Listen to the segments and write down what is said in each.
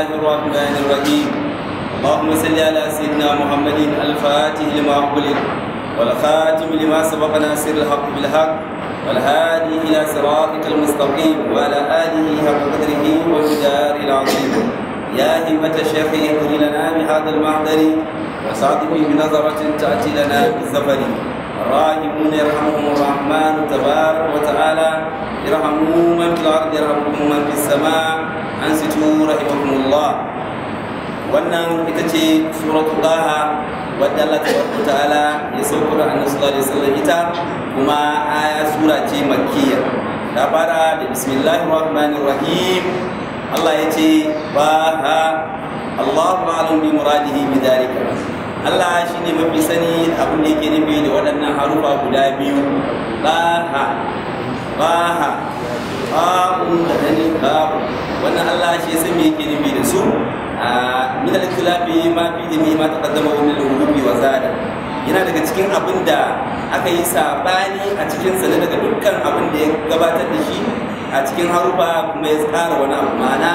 الله الرحمن الرحيم اللهم صل على سيدنا محمد الفاتح لما قلت والخاتم لما سبق ناصر الحق بالحق والهادي إلى صراطك المستقيم وعلى آله حق قدره والجدار العظيم يا همة الشيخ يهدي لنا بهذا المحضر وصادق بنظرة تأتي لنا بالزفر الراحمون يرحمهم الرحمن تبارك وتعالى ارحموا من في الأرض يرحمكم من في السماء an situ rahimahumullah wannan ita ce suratu taha wadda Allah tabaraka ta'ala ya da annabi sallallahu alaihi wasallam ita kuma aya sura ce makkiya ta fara da bismillahir rahmanir rahim Allah ya ce ba ha Allahu a'lam bi muradihi bi dalika Allah shine mafi sani abin da yake nufi da waɗannan harufa guda biyu ba ha ba ha Babu da babu. wannan Allah shi ya san me yake nufi da su min al-ikhtilafi ma fi dini ma taqaddama min al-wubi wa zada yana daga cikin abin da aka yi sabani a cikin sa daga dukkan abin da ya gabatar da shi a cikin harufa kuma ya tsara wani abu ma'ana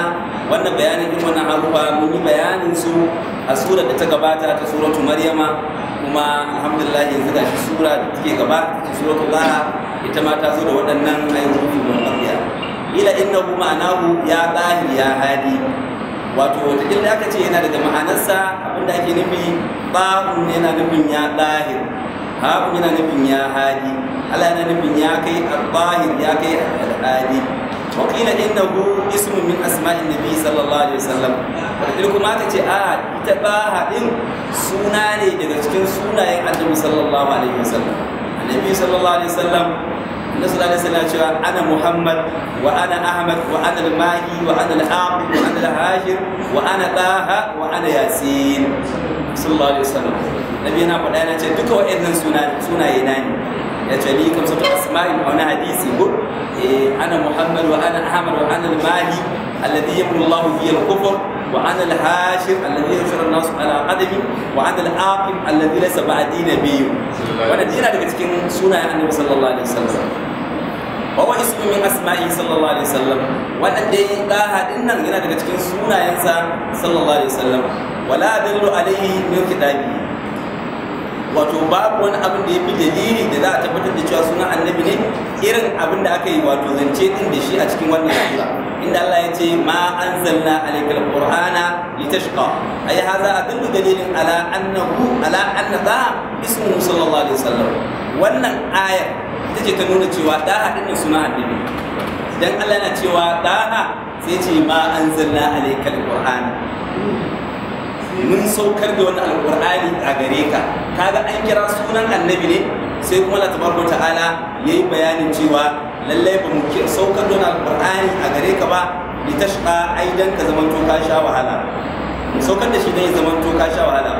wannan bayanin din wannan harufa mun yi bayanin su a sura da ta gabata ta suratu maryama kuma alhamdulillah yanzu ga shi sura da take gaba ta suratu lara ita ma ta zo da waɗannan ayyukan mawadiya ila hu ma'anahu ya ɗahi ya hadi wato wata wataƙila aka ce yana daga ma'anarsa abinda ake nufi ɗahun yana nufin ya ɗahir haɓun yana nufin ya hadi Ala yana nufin ya kai ɗahir ya kai hadi wakila innahu ismu min asma'in nabi sallallahu alaihi wasallam wataƙila kuma aka ce a ita ɗaha ɗin suna ne daga cikin sunayen annabi sallallahu alaihi wasallam annabi sallallahu alaihi wasallam نسأل الله سبحانه وتعالى أنا محمد وأنا أحمد وأنا الماهي وأنا الحاقد وأنا الهاجر وأنا طه وأنا ياسين صلى الله عليه وسلم نبينا قد أنا تدك وإذن سنة سنة يناني يتليكم سبع أسماء وأنا حديثي بو إيه، أنا محمد وأنا أحمد وأنا الماهي الذي يمن الله فيه الكفر وأنا الهاشم الذي ينشر الناس على قدمي وأنا العاقم الذي ليس بعدي نبي وأنا دينا لك سنة النبي صلى الله عليه وسلم wa wa min asma'i sallallahu alaihi wasallam wannan dai daha din nan yana daga cikin sunayensa sallallahu alaihi wasallam wala dallu alaihi min kitabi wato babu wani abin da ya fi dalili da za a tabbatar da cewa sunan annabi ne irin abin da aka yi wato zance din da shi a cikin wannan sura inda Allah ya ce ma anzalna alaikal qur'ana litashqa ay hadha adallu dalilin ala annahu ala anna ismu sallallahu alaihi wasallam wannan ayar take ce ta nuna cewa Daha ɗin nan su na ne dan Allah yana cewa Daha sai ce ma an zanna alaikal qur'ani mun saukar da wani alƙur'ani a gare ka kaga an kira sunan annabi ne sai kuma Allah tabaraka ta'ala yayi bayanin cewa lallai ba mu saukar da wani alƙur'ani a gare ka ba litashqa ai dan ka zaman to ka sha wahala saukar da shi dan ya zaman to ka sha wahala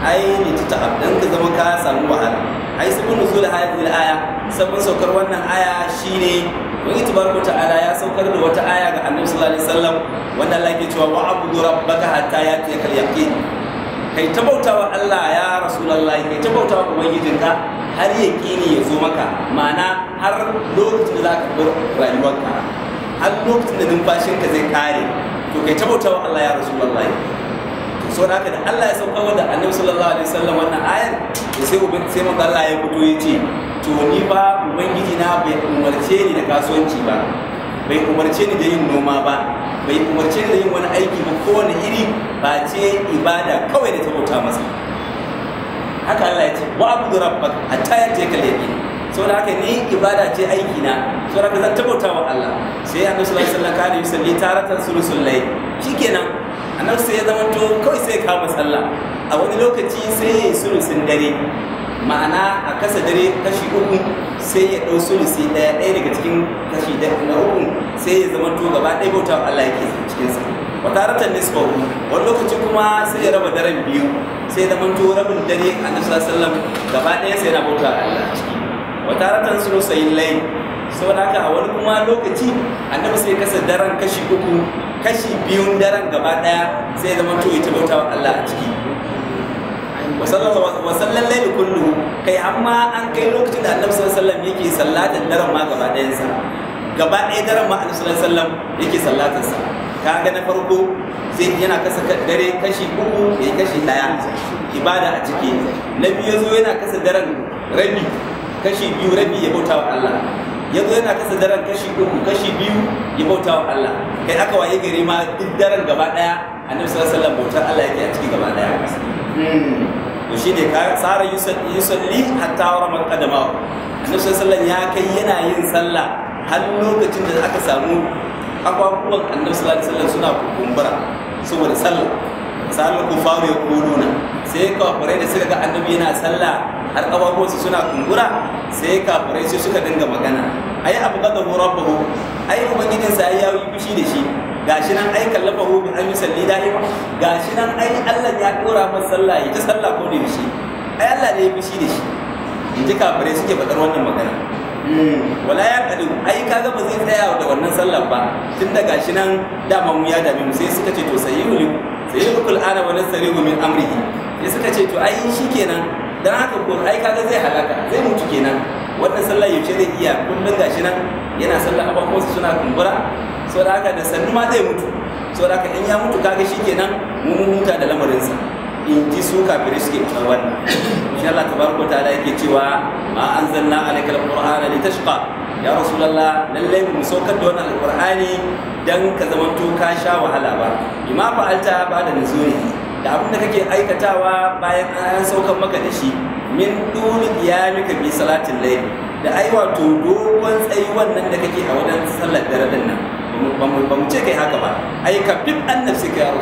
ai ne ta abdan ka zaman ka samu wahala haisu nuzul hadhihi al-aya sabon saukar wannan aya shine wani tabaraka ta'ala ya saukar da wata aya ga annabi sallallahu alaihi wasallam wanda Allah yake cewa wa'budu rabbaka hatta yatiyaka al-yaqin kai ta bautawa Allah ya rasulullahi kai ta bautawa ubangijinka har yaqini ya zo maka ma'ana har lokacin da zaka bar rayuwarka har lokacin da numfashinka zai kare to kai ta bautawa Allah ya rasulullahi so haka da Allah ya sauka wa da annabi sallallahu alaihi wasallam wannan ayar to sai ubin sai manzo Allah ya fito ya ce to ni ba ubangiji na bai umarce ni da kasuwanci ba bai umarce ni da yin noma ba bai umarce ni da yin wani aiki ba wani iri ba ce ibada kawai da ta bauta masa haka Allah ya ce wa abudu rabbak hatta yatiyakal yaqin da haka ni ibada ce aiki na da haka zan tabbata wa Allah sai annabi sallallahu alaihi wasallam kana yusalli taratan sulusul layl shikenan annabi sai ya zama to kawai sai kama sallah a wani lokaci sai ya yi sulusin dare ma'ana a kasa dare kashi uku sai ya ɗau sulusi ɗaya ɗaya daga cikin kashi na uku sai ya zama to gaba ɗaya bauta Allah yake cikinsa wataratan nisbahu wani lokaci kuma sai ya raba daren biyu sai ya zama to rabin dare a alaihi wasallam gaba ɗaya sai yana bauta Allah ciki wataratan sulusayin lai saboda haka a wani kuma lokaci annabi sai kasa daren kashi uku kashi biyun daren gaba daya sai zama to ita bauta wa Allah a ciki wasallan laili kullu kai amma an kai lokacin da annabi sallallahu alaihi wasallam yake sallatin daren ma gaba dayansa gaba ɗaya daren ma annabi sallallahu alaihi wasallam yake sa. kaga na farko sai yana kasa dare kashi uku ya kashi daya ibada a ciki na biyu zo yana kasa daren rabi kashi biyu rabi ya bauta wa Allah Yanzu yana kasa daren kashi uku kashi biyu ya bauta wa Allah kai aka waye gari ma duk daren gaba daya annabi sallallahu alaihi wasallam bautar Allah yake a ciki gaba daya to shi ne tsara yusalli hatta wa ramar kadama annabi sallallahu ya kai yana yin sallah har lokacin da aka samu akwakuwan annabi sallallahu alaihi wasallam suna kumbura saboda sallah ku kufaru ya kuluna sai kafirai da suka ga annabi yana sallah har kafafuwansu suna kumbura sai kafirai sai suka dinga magana ai abu gada rabbahu ai ubangijinsa ai ya yi fushi da shi gashi nan ai kallafa hu bin amin salli da'ima gashi nan ai Allah ya dora masa sallah ya ta sallah ko ne shi ai Allah ne ya fushi da shi in ji kafirai suke faɗar wannan magana hmm, wala ya kadu ai kaga ba zai tsaya da wannan sallar ba tun da gashi nan dama mu ya dame mu sai suka ce to sayi Sai kul ana wani tsari min amrihi ya suka ce to ai kenan dan haka ko ai kaga zai halaka zai mutu kenan wannan sallah yaushe zai iya kullum gashi nan yana sallah abakonsa suna kumbura so da haka da sannu ma zai mutu so da haka in ya mutu kaga shikenan mu mun huta da lamarinsa in ji su kafirai suke ta wannan insha Allah tabaraka ta'ala yake cewa ma anzalna alaikal qur'ana litashqa ya rasulallah lallai mu saukar da wannan al'ƙur'ani dan ka zamanto ka sha wahala ba bima fa'alta ba da nazuri da abin da kake aikatawa bayan an saukar maka da shi min duni qiyamika bi salatin layl da ai wato dogon tsayi wannan da kake a wajen sallar dare din nan ba mu ce kai haka ba ai ka fif annabi ka ya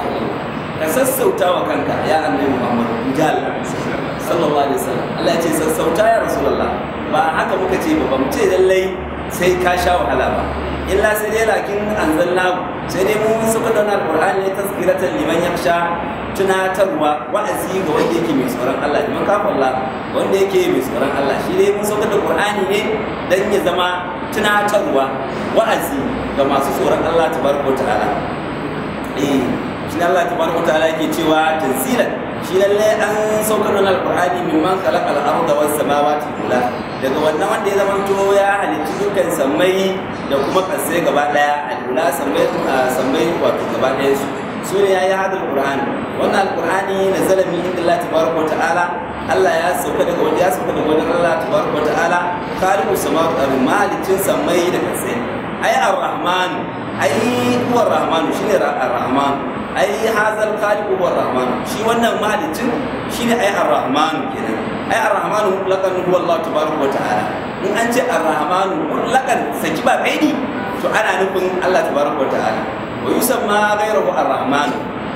ka sassauta wa kanka ya annabi muhammad inji Allah sallallahu alaihi wasallam Allah ya ce sassauta ya rasulullah ba haka muka ce ba ba mu ce lallai sai ka sha wahala ba illa sai dai lakin anzalna sai dai mun suka da alqur'ani ne tazkiratan liman yakhsha tunatarwa wa'azi ga wanda yake mai tsoron Allah ka falla wanda yake mai tsoron Allah shi dai mun suka da qur'ani ne dan ya zama tunatarwa wa'azi ga masu tsoron Allah tabaraka ta'ala eh shi Allah tabaraka ta'ala yake cewa tanzilan shi lalle an saukar da kala-kala khalaqa da wasu sama samawati kula daga wannan wanda ya zama zamanto ya halittu dukkan sammai da kuma kasai gaba daya a kula sammai sammai wato gaba daya su su ne yi hada alqur'ani wannan alqur'ani na min indillahi tabaraka wa ta'ala Allah ya sauka daga wani ya sauka daga wani Allah tabaraka wa ta'ala khaliqu samawati wal ardi malicin sammai da kasai ai ar-rahman ai kuwa ar-rahman shine ar-rahman ai hazal khaliqu wa rahman shi wannan malicin shine ai arrahman kenan ai arrahman mutlaqan huwa Allah tabaraka wa ta'ala in an ce ar-rahman mutlaqan saki ba ni to ana nufin Allah tabaraka wa ta'ala wa yusamma ghayruhu ar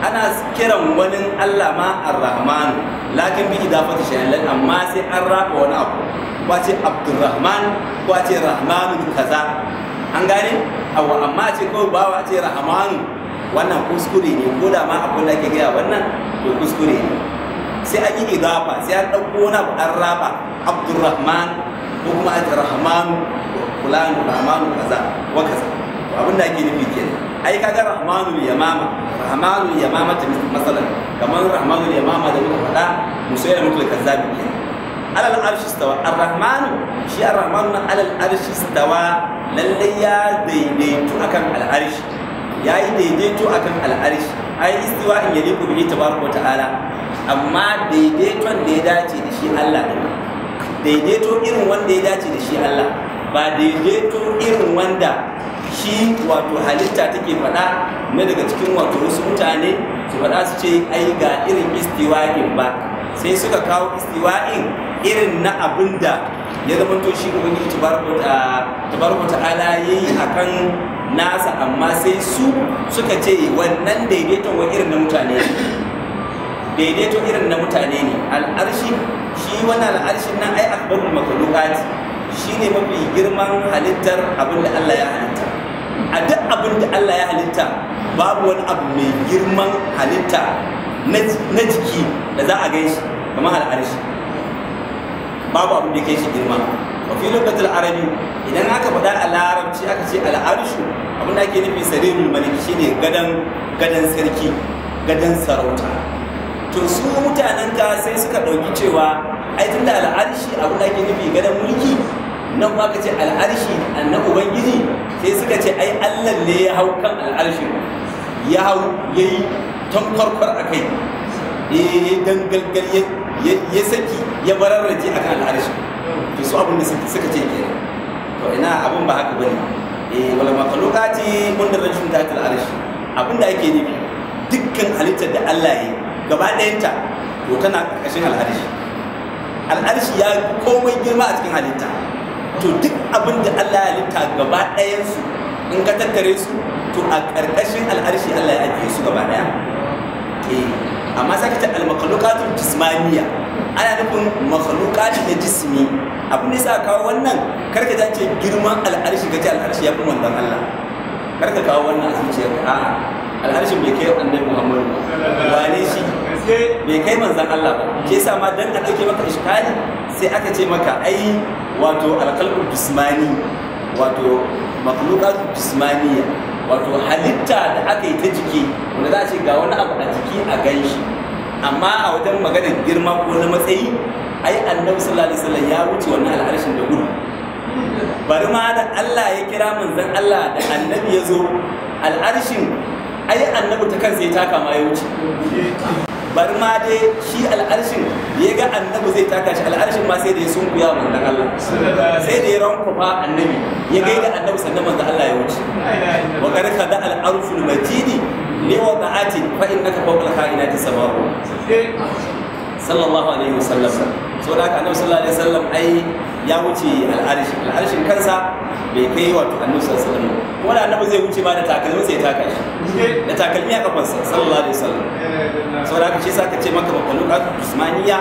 ana kiran wani Allah ma ar lakin bi idafati shay'an amma sai an raba wani abu ce abdurrahman ce Rahmanu kaza an gane awa amma ce kawai bawa ce rahmanu wannan kuskure ne ko da ma abin da ake gaya wannan to kuskure ne sai a yi idafa sai an ɗauko wani abu an raba abdurrahman ko kuma rahman fulani rahmanu kaza wa kaza abin da ake nufi ke ai kaga rahmanul yamama ya yamama ta masalan kamar ya yamama da muka faɗa musayyar mutul kazzabi kenan alal arshi stawa arrahmanu shi arrahmanu alal arshi stawa lallai ya daidaitu akan al arshi ya yi daidaito akan al'arshi yi istiwa in yaliku bihi tabaraka ta'ala amma daidaiton da ya dace da shi Allah ne daidaito irin wanda ya dace da shi Allah ba daidaito irin wanda shi wato halitta take faɗa na daga cikin wato wasu mutane su faɗa su ce ai ga irin in ba sai suka kawo in irin na abin da ya zama to shi ubangiji tabaraka ta'ala yayi akan nasa amma sai su suka ce wannan daidaiton wa irin na mutane ne daidaito irin na mutane ne al'arshi shi wani al'arshin nan ai akbarul makhluqat shi ne mafi girman halittar abin da Allah ya halitta a duk abin da Allah ya halitta babu wani abu mai girman halitta na jiki da za a gaishe kamar al'arshi babu abin da ke shi girma wafi lokacin lugatul arabi idan aka faɗa a larabci aka ce al'arshu abinda ake nufi sarirul malik shine gadan gadan sarki gadan sarauta to su mutanen ka sai suka ɗauki cewa ai tunda al'arshi abin da ake nufi gadan mulki nan ma ka ce al'arshi annan ubangiji sai suka ce ai allah ne ya hau kan al'arshi ya hau ya yi tankwarkwar a kai ya dangalgal ya saki ya bararraje a kan al'arshi to su abin da suka ce kenan to ina abin ba haka bane eh wala makhluqati mun da rashin tatil arshi abin da ake nufi dukkan halittar da Allah ya gaba ɗayanta to tana ƙarƙashin al'arshi al'arshi ya komai girma a cikin halitta to duk abin da Allah ya halitta gaba ɗayansu in ka tattare su to a ƙarƙashin al'arshi Allah ya ajiye su gaba ɗaya eh amma sai ta ce al-makhluqatul jismaniyah ana nufin makhluqat na jismi abin da yasa kawo wannan karka ta ce girman al'arshi gaji al'arshi ya fi manzon Allah karka kawo wannan a zuciyarka ka al'arshin bai kai annabi Muhammadu ba ne shi bai kai manzon Allah ba ke sa ma dan a dauke maka iskali sai aka ce maka ai wato alqalbu jismani wato makhluqat jismaniya wato halitta da aka yi ta jiki wanda za a ce ga wani abu a jiki a ganshi amma a wajen maganar girma ko na matsayi ai annabi sallallahu alaihi wasallam ya wuce wannan al'arshin da gudu bari ma da Allah ya kira manzon Allah da annabi ya zo al'arshin ai annabi ta kansa ya taka ma ya wuce bari ma dai shi al'arshin ya ga annabi zai taka shi al'arshin ma sai da ya sunkuya manzon Allah sai da ya rankwafa annabi ya ga da annabi sannan manzon Allah ya wuce wa karka da al'arful majidi Ni wa ba'ati fa innaka fawqa al-kha'inati sama'u sallallahu alaihi wasallam so da haka annabi sallallahu alaihi wasallam ai ya wuce al'arshi al'arshin kansa bai kai wa annabi sallallahu alaihi wasallam wala annabi zai wuce ba da takalmi sai ya taka shi da takalmi a sa sallallahu alaihi wasallam so da haka shi sa ka ce maka makhluqat usmaniya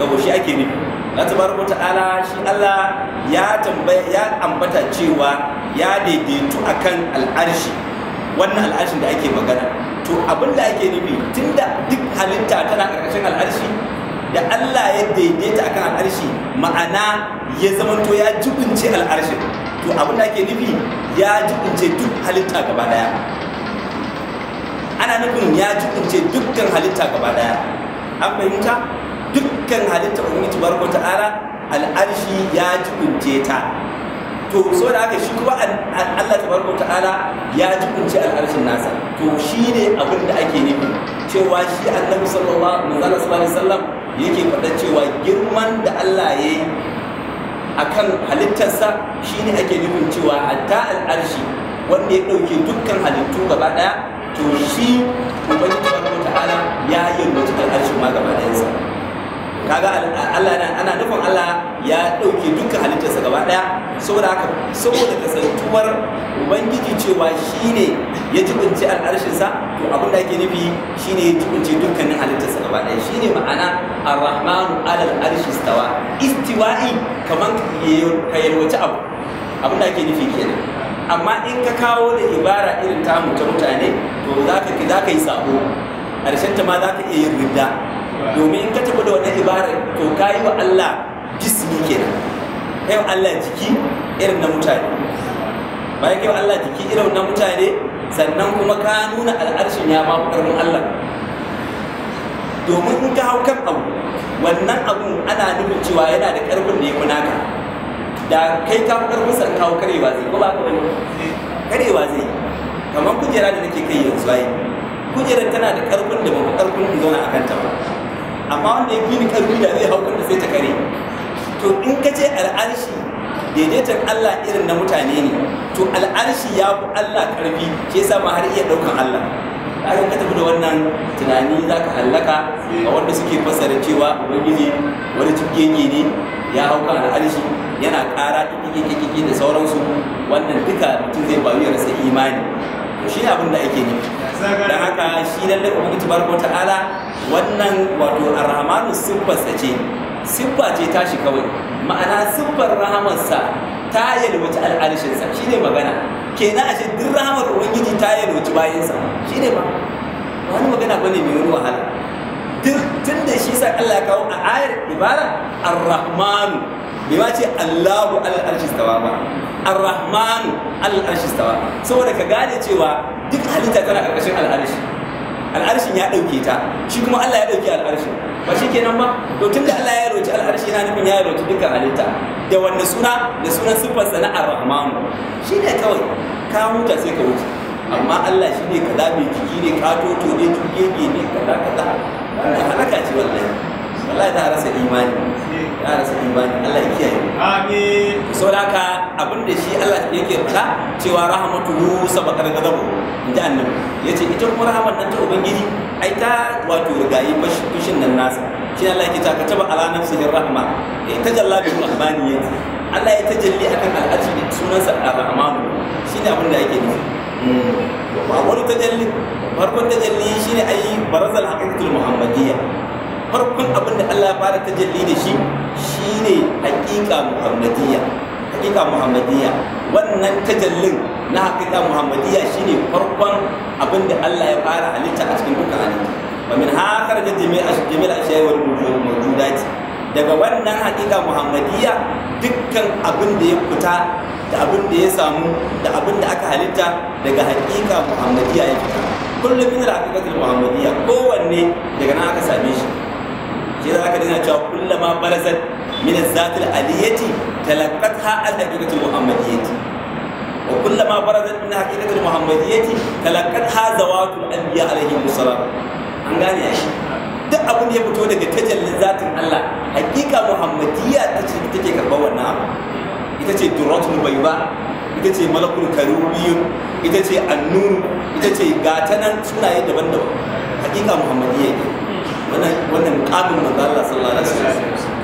ga goshi ake nufi Allah tabaraka ta'ala shi Allah ya tambaya ya ambata cewa ya daidaitu akan al'arshi wannan al'arshin da ake magana to abin da ake nufi tunda duk halitta tana ƙarƙashin al'arshi da Allah ya daidaita akan al'arshi ma'ana ya zamanto ya jibince al'arshin to abin da ake nufi ya jibince duk halitta gaba daya ana nufin ya jibince dukkan halitta gaba daya an fahimta dukkan halitta ubangiji barko ta'ala al'arshi ya jibince ta to so da haka shi kuma Allah tabaraka ta'ala ya kunci al'arshin nasa to shine abin da ake nufi cewa shi annabi sallallahu alaihi wasallam yake faɗa cewa girman da Allah ya yi akan halittarsa shine ake nufin cewa a hatta al'arshi wanda ya ɗauke dukkan halittu gaba ɗaya to shi ubangiji tabaraka ta'ala ya yi al'arshin ma gaba ɗayansa kaga Allah ana nufin Allah ya ɗauke duka halittarsa gaba ɗaya saboda haka saboda kasantuwar ubangiji cewa shine ya jibinci al'arshinsa to abin da ake nufi shine ya jibinci dukkanin halittarsa gaba ɗaya shine ma'ana ar alal arshi stawa istiwa'i kaman ka yalwaci abu abin da ake nufi kenan amma in ka kawo da ibara irin tamu ta mutane to za ka yi sabo ƙarshen ta ma za ka iya yin rida domin ka tafi da wannan ibarar to ka yi wa Allah jismi ke kai yau Allah jiki irin na mutane bayan kai wa Allah jiki irin na mutane sannan kuma ka nuna al'arshin ya ma ƙarfin Allah domin in ka hau kan abu wannan abun ana nufin cewa yana da ƙarfin da ya fi naka da kai ka fi ƙarfin sa kawo karewa zai ko ba ka bane karewa zai kamar kujera da nake kai yanzu ai kujerar tana da ƙarfin da ba ƙarfin in zauna a kanta ba amma wanda ya fi karfi da zai hau da sai ta kare to in ka ce al'arshi daidaitar Allah irin na mutane ne to al'arshi ya fi Allah karfi shi sa ma har iya ɗaukan Allah a ka tafi da wannan tunani za ka hallaka a wanda suke fassara cewa ubangiji wani cikgege ne ya hau kan al'arshi yana ƙara kike da sauransu wannan duka mutum zai bayu ya rasa imani to shi abin da ake nufi da haka shi lallai ubangiji barko ta'ala wannan wato arhamanu siffarsa ce siffa ce ta tashi kawai ma'ana siffar rahamarsa ta yalwaci al'arshinsa ne magana kenan ashe duk rahamar ubangiji ta yalwaci bayansa shine ba wani magana ne mai wani wahala duk tun da shi sa Allah ya kawo a ayar ibara ar-rahmanu bai ce Allahu Allah arshi stawa ba Ar-Rahman alal arshi stawa saboda ka gane cewa duk halitta tana karkashin al'arshi al'arshin ya dauke ta shi kuma Allah ya dauke al'arshin ba shi kenan ba to tunda Allah ya roci al'arshi yana nufin ya roci duka halitta da wanne suna da sunan siffarsa na Ar-Rahman shi ne kawai ka huta sai ka wuce amma Allah shi ne kaza mai jiki ne toto ne tuge ne kaza kaza wannan halaka ce wallahi wallahi ta rasa imani ya rasu imani Allah ya kiyaye amin So da ka abin da shi Allah yake faɗa cewa rahmatuhu sabaqar ghadabu inda annabi yace ita kuma rahmat nan ta ubangiji ai ta wato rigayi fushin nan nasa shi Allah yake ta kataba ala nafsihi rahma eh tajalla bi rahmaniyati Allah ya tajalli akan al'aji da sunansa ar-rahman shi ne abin da yake nufi hmm. ba wani tajalli farkon tajalli shi shine ai barazal haqiqatul muhammadiyya farkon abin da Allah ya fara tajalli da shi shine hakika muhammadiyya hakika muhammadiyya wannan tajallin na hakika muhammadiyya shine farkon abin da Allah ya fara halitta a cikin dukkan halitta wa min hakar da jami'a jami'a ashiya wal mawjudati daga wannan hakika muhammadiyya dukkan abin da ya fita da abin da ya samu da abin da aka halitta daga hakika muhammadiyya ya fita kullum da al-haqiqatul muhammadiyya kowanne daga nan aka same shi idan aka dina cewa kullama balasat min zatil aliyati talaqqatha al-daqiqatul muhammadiyyati wa kullama barazat min haqiqatul muhammadiyyati ha zawatul anbiya alaihim salam an gane shi duk abin da ya fito daga tajallin zatin Allah hakika muhammadiyya ta ce take karɓar wannan abu ita ce duratul bayba ita ce malakul karubiyun ita ce annun ita ce gatanan sunaye daban-daban hakika muhammadiyya ne wannan ƙabin manzo Allah sallallahu alaihi wasallam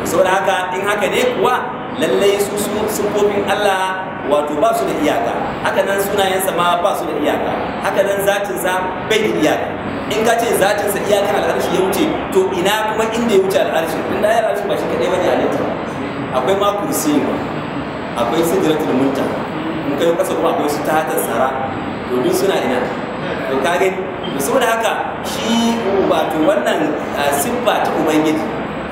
saboda haka in haka ne kuwa lallai su sufofin Allah wato ba su da iyaka haka nan sunayensa ma ba su da iyaka haka nan sa bai da iyaka in ka ce sa iyakan al'arshi ya wuce to ina kuma inda ya wuce al'arshi tun da ya al'arshi ba shi kaɗai bane halitta akwai ma kursi akwai sidratul munta in kai kasa kuma akwai su ta hatar sara domin suna ina to ka saboda haka shi wato wannan siffa ta ubangiji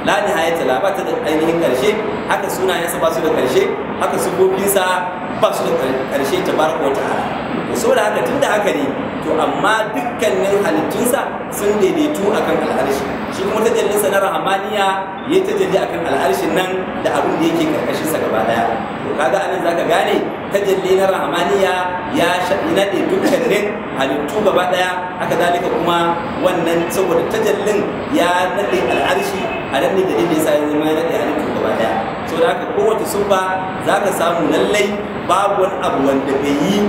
la nihayata la ba ta da ainihin karshe haka sunayensa ba su da karshe haka sufofinsa ba su da karshe tabaraka wa ta'ala to saboda haka tun da haka ne to amma dukkanin halittunsa sun daidaitu akan al'arshi shi kuma tajallinsa na rahamaniya ya tajalli akan al'arshin nan da abin da yake karkashin sa gaba daya to kaga anan zaka gane tajalli na rahamaniya ya shaɗi nade dukkanin halittu gaba daya haka zalika kuma wannan saboda tajallin ya naɗe al'arshi a nan ne da yasa ya zama ya naɗe halittu gaba daya to da haka kowace sufa za ka samu lallai babu wani abu wanda bai yi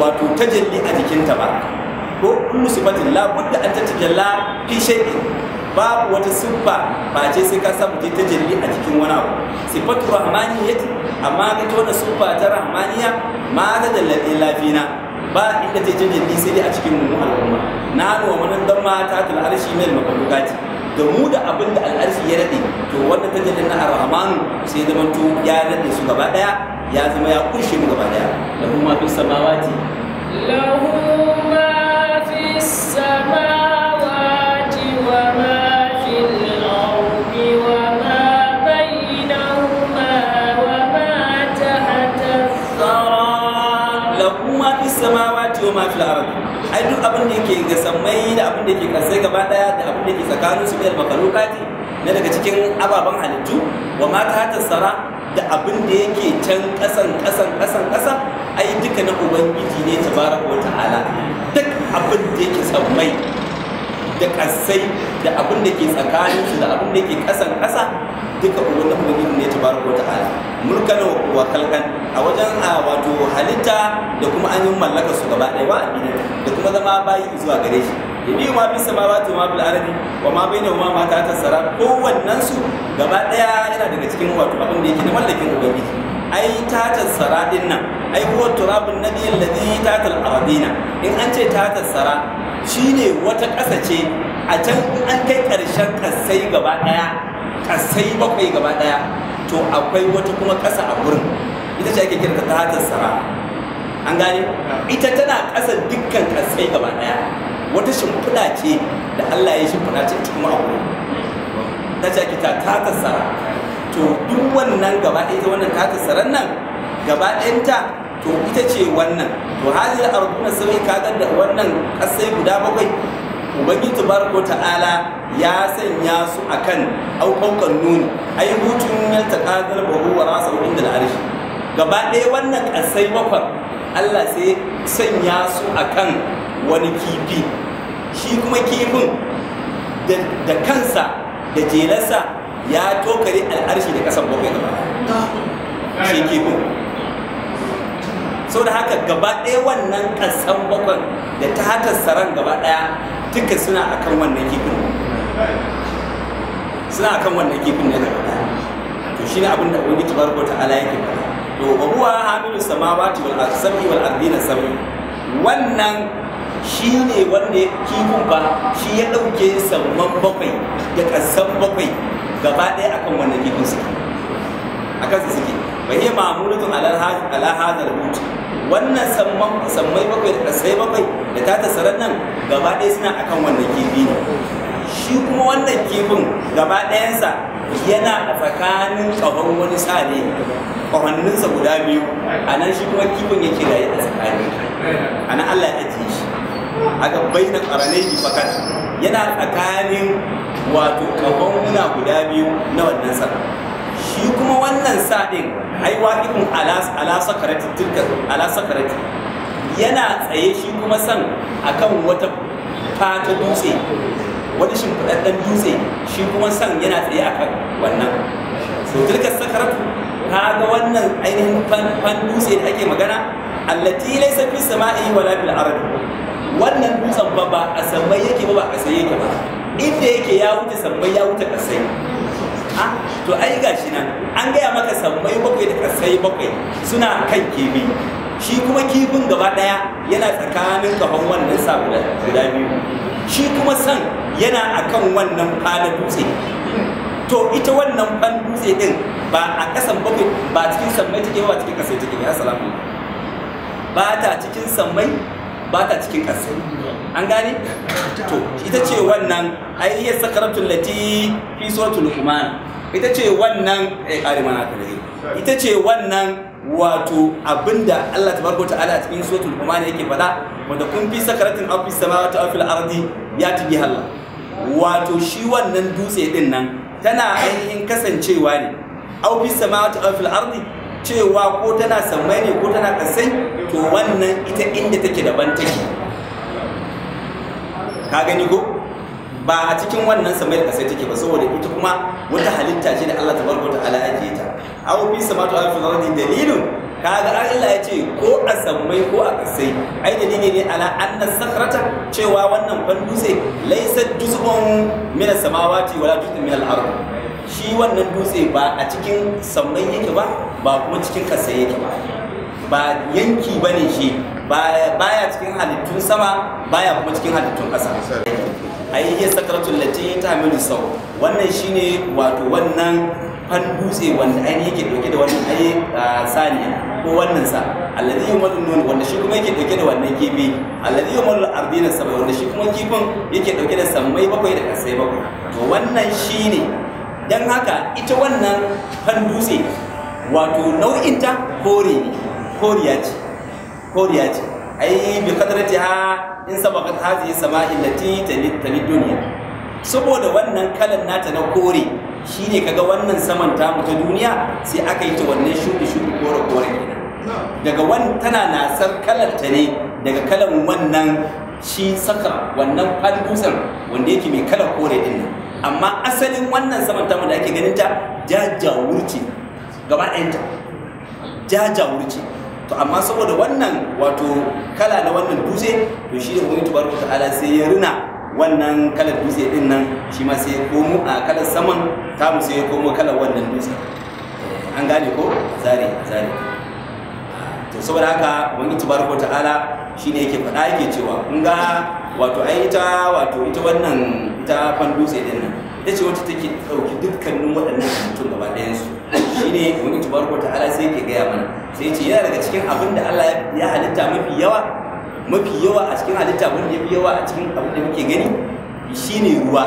wato tajalli a jikinta ba ko kullu sifatin la budda an tatajalla fi shay'in babu wata sufa ba ce sai ka samu ta tajalli a jikin wani abu sifatu rahmaniyyati amma ga ta wata sufa ta rahmaniya ma ta dallabe lafina ba inda ta tajalli sai dai a cikin mu al'umma na wa manan dan mata ta al'arshi mai makalukati da mu da abin da al'arshi ya rade to wanda ta jaddan ar-rahman sai zama to ya rade su gaba daya ya zama ya kunshe mu gaba daya lahu ma fis samawati lahu ma fi samawati wa ma fil ardi wa ma bainahuma wa ma tahta thara lahu ma fi samawati wa ma fil ardi ai duk abin da yake ga sammai da abin da yake kasai gaba daya da abin da yake tsakanin su bil makalukati na daga cikin ababen halittu wa ma ta sara da abin da yake can kasan kasan kasan kasan ai duka na ubangiji ne tabaraka wa ta'ala duk abin da yake sammai da kasai da abin da ke tsakanin su da abin da ke kasan kasa duka da ubangiji ne tabaraka wa ala. mulkan wa kalkan a wajen a wato halitta da kuma an yi mallaka su gaba ɗaya wa da kuma zama bayi zuwa gare shi yabi ma fi samawati ma bil ardi wa ma wa ma ta tasara wannan su gaba ɗaya yana daga cikin wato abin da yake na mallakin ubangiji ai ta tasara din nan ai huwa turabun nabi alladhi tatal ardina in an ce ta tasara shine wata ƙasa ce a can an kai ƙarshen kasai gaba ɗaya kasai bakwai gaba daya to akwai wata kuma kasa a gurin ita ce ake kirta ta hatar sara an gane ita tana kasa dukkan kasai gaba daya wata shimfiɗa ce da Allah ya shimfiɗa ce cikin a ta ce ake ta hatar sara to duk wannan gaba ɗaya ita wannan ta hatar saran nan gaba ɗayanta to ita ce wannan to halin arbuna sai kaga da wannan kasai guda bakwai ubangiji tabaraka ta'ala ya sanya su akan aukaukan nuni ai hutun ya taqadar bahu wa rasa inda al'arshi gaba ɗaya wannan ƙasai bakwai Allah sai sanya su akan wani kifi shi kuma kifin da kansa da jelarsa ya tokare al'arshi da ƙasar bakwai gaba shi kifin sau da haka gaba ɗaya wannan ƙasan bakwai da ta hatar saran gaba ɗaya duka suna kan wannan kifin suna kan wannan kifin ne da to ne abinda wani ubangiji ko ta'ala yake ba to wa huwa hamilu samawati wal ardi sab'i wal ardina sami wannan shi ne wanda kifin ba shi ya dauke samman bakwai da kasan bakwai gaba ɗaya akan wannan kifin suke a kansu suke Ba hiya ma'amuratun ala da al wannan samman sammai bakwai da sai bakwai da ta tasarar nan gaba ɗaya suna akan wannan kifi ne shi kuma wannan kifin gaba ɗayansa yana a tsakanin ƙahon wani sa ne ƙahoninsa guda biyu a nan shi kuma kifin yake raye yadda tsakani a nan Allah ya ajiye shi A na bayyana ƙaranai fakat yana tsakanin wato ƙahon guda biyu na wannan sa shi kuma wannan saɗin ɗin haiwa ikun alasakarati alasakarati yana tsaye shi kuma san kan wata fata dutse wani shimfiɗaɗɗen dutse shi kuma san yana tsaye kan wannan so tilka sakaratu ga wannan ainihin fan dutse da ake magana allati laysa fi sama'i wala fil ardi wannan dutsen ba ba a sammai yake ba ba a tsaye yake ba inda yake ya wuce sabbai ya wuce kasai a to ai gashi nan an gaya maka sammai bakwai da kasai bakwai suna kan kifi shi kuma kifin gaba daya yana tsakanin gaban wannan sa guda biyu shi kuma san yana akan wannan fada dutse to ita wannan ban dutse din ba a kasan bakwai ba cikin sammai take ba cikin kasai take ya salamu ba ta cikin sammai ba ta cikin kasai an gane to ita ce wannan ai sakaratul lati fi suratul luqman ita ce wannan ya eh, ƙari mana ita ce wannan wato abinda Allah ta tabaraka ta'ala a cikin suratul ne yake faɗa wanda kun fi sakaratin afis samawati afil ardi ya tibi hala wato shi wannan dutse din nan tana ainihin kasancewa ne afis samawati afil ardi cewa ko tana samai ne ko tana kasai to wannan ita inda take daban take ka gani ko ba a cikin wannan samayar kasai take ba saboda ita kuma wata halitta ce da Allah ta ta ala yake ta aw bi samatu ala fi ardi dalilun kaga Allah ya ce ko a samai ko a kasai ai dalili ne ala anna sakrata cewa wannan ban dutse laysa juz'un min samawati wala juz'un min al ard shi wannan dutse ba a cikin samai yake ba ba kuma cikin kasai yake ba ba yanki ba shi baya cikin halittun sama baya kuma cikin halittun kasa ai hiya sakratul lati tamilu sau wannan shine wato wannan fan dutse wanda ainihin yake dauke da wannan ai sani ko wannan sa alladhi yumalu nun wanda shi kuma yake dauke da wannan kifi alladhi yumalu ardina sabai wanda shi kuma kifin yake dauke da sammai bakwai da kasai bakwai to wannan shine dan haka ita wannan fan dutse wato nau'in ta kore koriya ce koriya ce ai bi kadratiha in yi sama sama'i allati talid duniya saboda wannan kalan nata na kore shi ne kaga wannan saman ta mutu ta duniya sai aka yi ta wannan shuɗi shuɗi kore kore daga wan tana nasar kalan ta ne daga kalan wannan shi saka wannan fadusar wanda yake mai kalan kore din nan amma asalin wannan saman tamu da ake ganin ta jajawurce gaba ɗayanta jajawurce to amma saboda wannan wato kala na wannan dutse to shi da ubangiji ta ta'ala sai ya rina wannan kalar dutse din nan shi ma sai ya komo a kalar saman tamu sai ya komo kalar wannan dutse eh, an gane ko zare zare to saboda haka wani ta ala ta'ala ne yake faɗa yake cewa kun ga wato ai ita wato ita wannan ita fan dutse din nan ita ce wacce take ɗauki dukkanin waɗannan mutum gaba ɗayansu shi ne wani ko ta'ala sai ke gaya mana sai ce yana daga cikin abin da Allah ya halitta mafi yawa mafi yawa a cikin halitta mun ya fi yawa a cikin abin da muke gani shi ne ruwa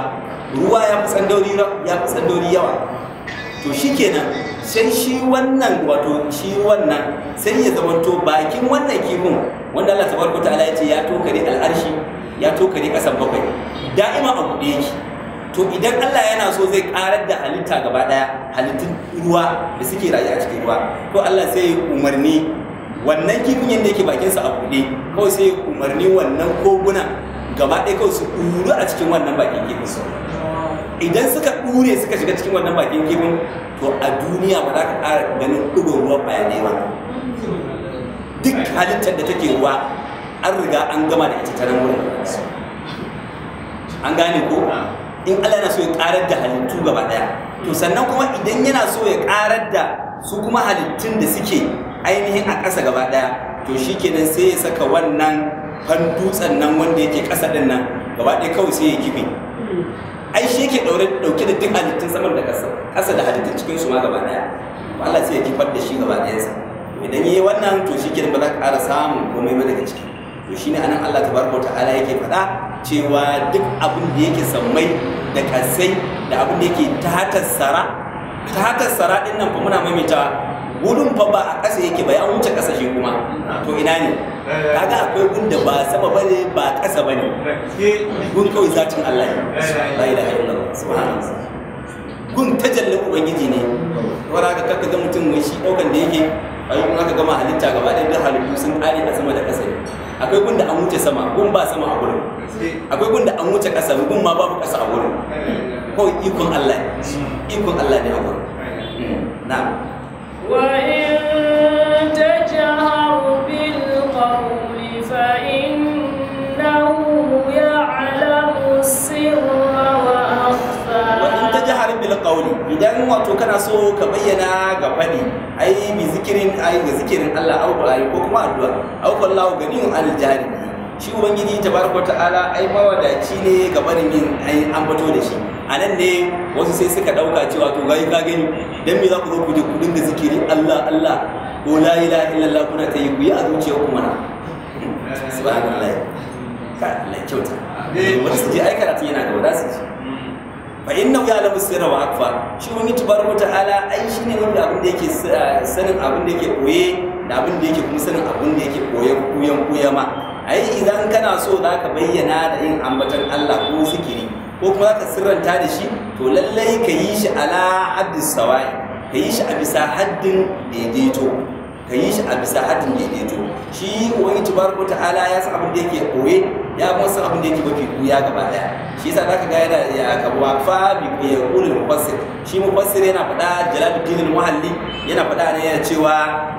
ruwa ya fi tsandauri ya fi tsandauri yawa to shi kenan sai shi wannan wato shi wannan sai ya zamanto bakin wannan kifin wanda Allah tabaraka ta'ala ya ce ya tokare al'arshi ya tokare kasan bakwai da'ima a buɗe yake to idan Allah yana so zai karar da halitta gaba daya halittun ruwa da suke rayu a cikin ruwa to Allah sai ya umarni wannan kifin yadda yake bakinsa a buɗe kawai sai ya umarni wannan koguna gaba ɗaya kawai su ɗuru a cikin wannan bakin kifin su idan suka ɗure suka shiga cikin wannan bakin kifin to a duniya ba za ka ƙara ganin ɗigon ruwa bayanai ba duk halittar da take ruwa an riga an gama da ita ta nan wurin an gane ko in Allah yana so ya karar da halittu gaba daya to sannan kuma idan yana so ya karar da su kuma halittun da suke ainihin a ƙasa gaba daya to shikenan sai ya saka wannan fan dutsen nan wanda yake ƙasa din nan gaba ɗaya kawai sai ya kife ai shi yake ɗauke da duk halittun saman da ƙasa ƙasa da halittun cikin su ma gaba daya Allah sai ya kifar da shi gaba ɗayansa idan yi wannan to shi ba za ka ƙara samun komai ba daga ciki to shine anan Allah tabaraka ta'ala yake faɗa cewa duk abin da yake sammai da kasai da abin da yake ta sara, ta sara din nan fa muna maimaita gudun fa ba a ƙasa yake ba ya wuce ƙasa shi kuma to ina ne kaga akwai gun da ba sama ba ne ba ƙasa ba ne gun kawai zatin Allah ne la ilaha illallah subhanallah gun tajalli ubangiji ne wanda ga kaka ga mutum mai shi daukan da yake ayyukan aka gama halitta gaba ɗaya halitta halittu sun ƙare a sama da ƙasa ne akwai gun da an wuce sama gun ba sama a gurin akwai gun da an wuce ƙasa gun ma babu ƙasa a gurin kawai ikon Allah ikon Allah ne a gurin hmm. na'am qawli idan wato kana so ka bayyana ga fadi ai bi zikirin ai ga zikirin Allah au ai ko kuma addu'a au qallahu ganiyun anil jahili shi ubangiji tabaraka ta'ala ai wadaci ne ga barin yin ai an fito da shi a nan ne wasu sai suka dauka cewa to gai ka gani dan me za ku zo ku je ku dinga zikiri Allah Allah ko la ilaha illallah kuna ta yi ku yi a zuciyarku mana subhanallah ka lai kyauta wani su je ai karatu yana da wadaci fa inna ya lamu sirra wa akfa shi wani tabaraka ta'ala ai ne wanda abin da yake eh, sanin abin da yake koye da abin da yake kuma sanin abin da yake koye kuyan kuyama ai idan kana so za ka bayyana da yin ambatan Allah ko zikiri ko kuma za ka sirranta da shi to lallai ka yi shi ala haddis sawai ka yi shi a bisa haddin daidaito ka yi shi a bisa haddin daidaito shi wani tabaraka ta'ala ya san abin da yake koye ya kuma san abin da yake mafi ya gaba daya shi yasa zaka ga yana ya kabuwa fa bi ya da mufassir shi mufassir yana faɗa jalaluddin al-muhalli yana faɗa ne yana cewa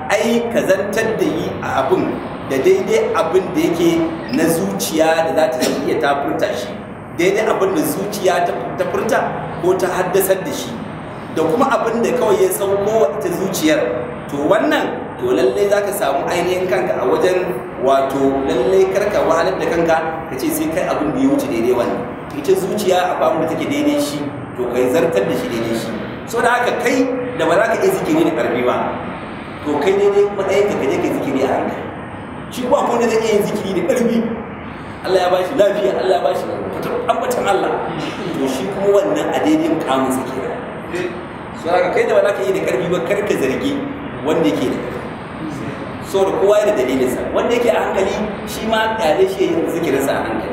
ai ka kazantar da yi a abin da daidai abin da yake na zuciya da za ta iya ta furta shi daidai abin da zuciya ta furta ko ta haddasar da shi da kuma abin da kawai ya sauko ita zuciyar to wannan to lallai za ka samu ainihin kanka a wajen wato lallai karka wahalar da kanka ka ce sai kai abin da ya wuce daidai wannan ita zuciya a ba da take daidai shi to kai zartar da shi daidai shi so da haka kai da ba za ka iya zikiri da karfi ba to kai daidai matsayin ka kaje ka zikiri a ranka shi kuma ko ne zai iya yin zikiri da karfi Allah ya bashi lafiya Allah ya bashi tabbatan Allah to shi kuma wannan a daidai mukamin sa kenan so da haka kai da ba za ka yi da karfi ba kar ka zargi wanda yake da so da kowa yana dalilinsa wanda yake a hankali shi ma ɗale shi yin zikirinsa a hankali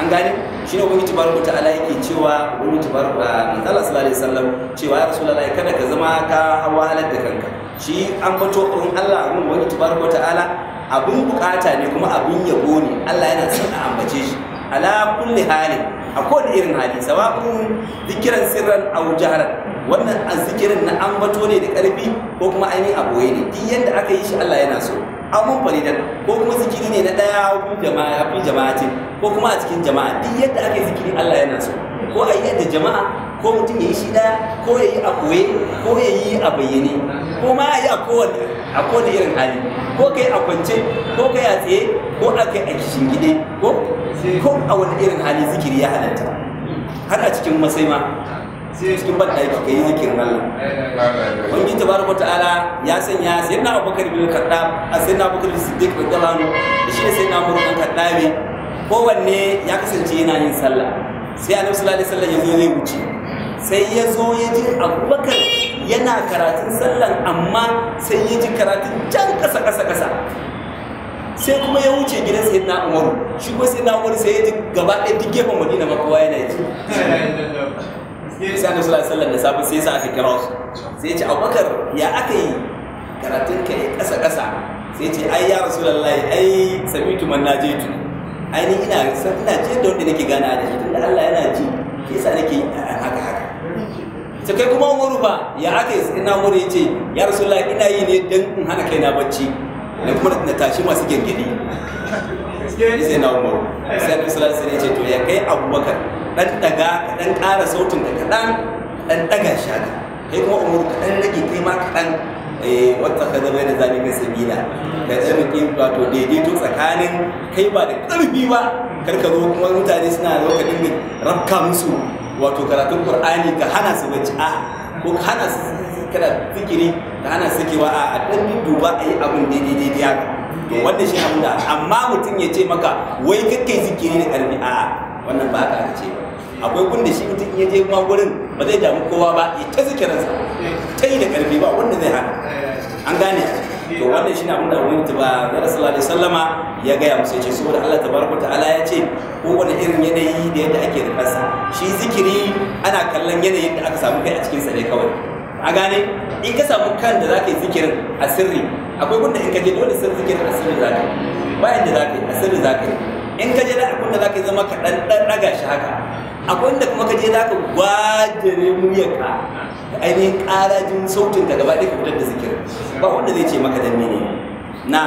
an gane shi ne ubangiji tabaraka ta'ala yake cewa ubangiji tabaraka matsala sallallahu alaihi wasallam cewa ya lalai kada ka zama ka halar da kanka shi an bato in Allah mun ubangiji tabaraka ta'ala abin bukata ne kuma abin yabo ne Allah yana son a ambace shi ala kulli halin a kowane irin hali sababin zikiran sirran a jaharan wannan azzikirin na ambato ne da ƙarfi ko kuma ainihin aboye ne duk yadda aka yi shi Allah yana so amun faridan ko kuma zikiri ne na ɗaya ko jama'a fi jama'ati ko kuma a cikin jama'a duk yadda aka yi zikiri Allah yana so ko a yi yadda jama'a ko mutum ya yi shi ɗaya ko ya yi a ko ya yi a bayyane ko ma ya yi a kowane a kowane irin hali ko kai a kwance ko kai a tsaye ko a kai a gide, ko ko a wani irin hali zikiri ya halatta har a cikin masai ma cikin ban da ka yi zikirin Allah wani ta ala ya sanya na Abubakar bin sai na Abubakar bin Siddiq radiyallahu anhu da shi ne sayyidina Umar bin ne kowanne ya kasance yana yin sallah sai a sallallahu alaihi sallah ya zo zai wuce sai ya zo ya ji Abubakar yana karatun sallan amma sai ya ji karatun can kasa kasa kasa sai kuma ya wuce gidan sai na umaru shi kuma sai na umaru sai ya ji gaba ɗaya duk gefen madina ma yana ji sai annabi sallallahu alaihi da safi sai sa aka kira su sai ya ce abubakar ya aka yi karatun ka yi ƙasa ƙasa sai ce ai ya rasulullahi ai samitu man najitu ai ni ina san ina ji da wanda nake gana da shi da Allah yana ji ke yasa nake haka haka ta kai kuma umaru ba ya aka yi ina umaru ya ce ya rasulullahi ina yi ne don in hana kaina bacci da kuma na tashi masu gengedi sai na umaru sai annabi sallallahu alaihi ya ce to ya kai abubakar dan daga ka dan ƙara sautin ka kaɗan dan daga shi haka kai kuma umaru ka dan rage kai ma kaɗan eh, wata ka zama da zami ka sabila ka zama ke wato daidaito tsakanin kai ba da ƙarfi ba kar ka zo kuma mutane suna zo ka dinga rafka musu wato karatun qur'ani ka hana su bacci a ko ka hana su kana zikiri ka hana sakewa a ɗan duba a yi abin daidai daidai haka to wannan shi abin da amma mutum ya ce maka wai kake zikiri da karfi a wannan ba ka ce akwai gunda shi mutum ya je kuma gurin ba zai damu kowa ba ya ta zikirinsa ta yi da karfi ba wanda zai hana an gane to wannan shi na abin da wani ba na sallallahu alaihi sallama ya gaya musu ya ce saboda Allah tabaraka ta'ala ya ce kowane irin yanayi da yadda ake da kansa shi zikiri ana kallon yanayin da aka samu kai a cikin sa ne kawai a gane in ka samu kan da za ka yi zikirin a sirri akwai gunda in ka je dole sun zikirin a sirri za ka yi bayan da za ka yi a sirri za ka yi in ka je da abin da za ka yi zama ka ɗan ɗaga shi haka akwai inda kuma ka je za ka gwajere ka da ainihin ƙarajin sautin ka gaba ɗaya ka fitar da zikirin ba wanda zai ce maka danne ne Na.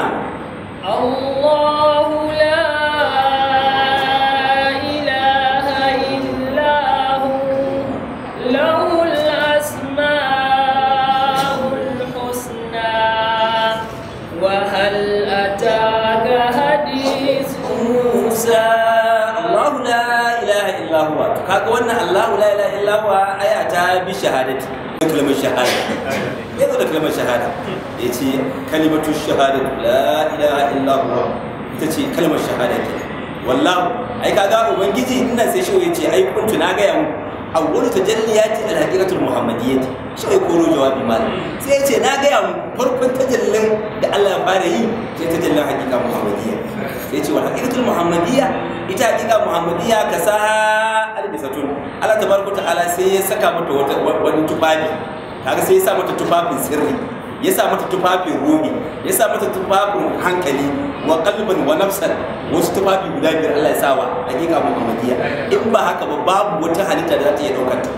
Allahu la shahadati ya kalmar shahada ya zo da kalmar shahada ya ce kalimatu shahada la ilaha illa huwa ita ce kalmar shahada ke wallahu ai kaga ubangiji ina sai shi ya ce ai kuntu na ga yamu awwalu tajalliyati al-haqiqatul muhammadiyyati shi ai koro jawabi mal sai ya ce na ga yamu farkon tajallin da Allah ya fara yi sai tajallin haqiqa muhammadiyya sai ya ce wal haqiqatul muhammadiyya ita hakika muhammadiya ka sa albisatun Allah tabaraka ta'ala sai ya saka mata wata wani tufafi kaga sai ya sa mata tufafin sirri ya sa mata tufafin ruhi ya sa mata tufafin hankali wa qalban wa nafsan wasu tufafi guda biyar Allah ya sawa hakika muhammadiya in ba haka ba babu wata halitta da za ta iya daukar ta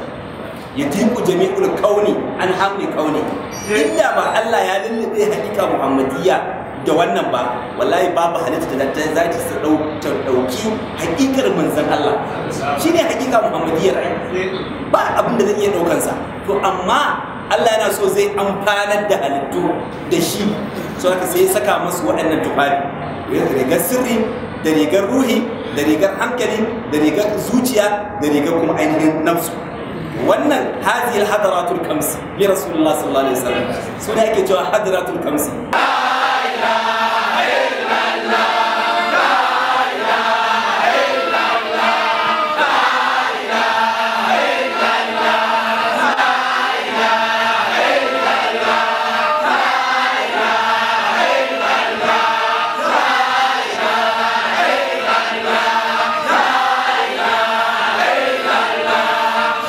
yadiku jami'ul kauni an hamli kauni inda ba Allah ya lullube hakika muhammadiyya da wannan ba wallahi babu halitta da za ta sa ta dauki hakikar manzon Allah shine hakika muhammadiyar ba abin da zai iya sa to amma Allah yana so zai amfanar da halittu da shi so haka sai ya saka masu waɗannan tufafi rigar sirri da rigar ruhi da rigar hankali da rigar zuciya da rigar kuma ainihin nafsu wannan hadiyar hadaratul kamsi bi rasulullahi sallallahu alaihi wasallam suna yake cewa hadaratul kamsi 라